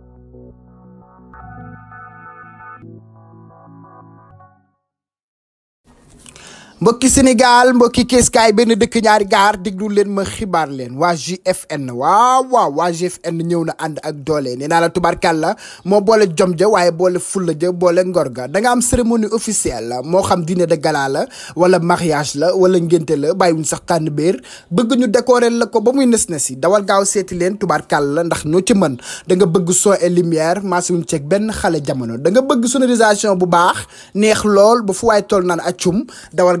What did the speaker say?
Thank you. mbokki Sénégal mbokki keeskaay benn dëkk ñaari gaar déglu leen ma xibaar leen waa GFN waaw waaw waa GFN ñëw na ànd ak doole nee naa la tubarkal la moo boole jom ja waaye boole fulla ja boole ngor ga da nga am cérémonie officielle la moo xam dîner de gala la wala mariage la wala ngénte la wuñ sax tànn béer bëgg ñu décorer la ko ba muy nes nes yi dawal gaaw seeti leen tubarkal la ndax ñoo ci mën da nga bëgg son et lumière maasiwuñ ceeg benn xale jamono da nga bëgg sonorisation bu baax neex lool ba fu waay toll naan acum dawal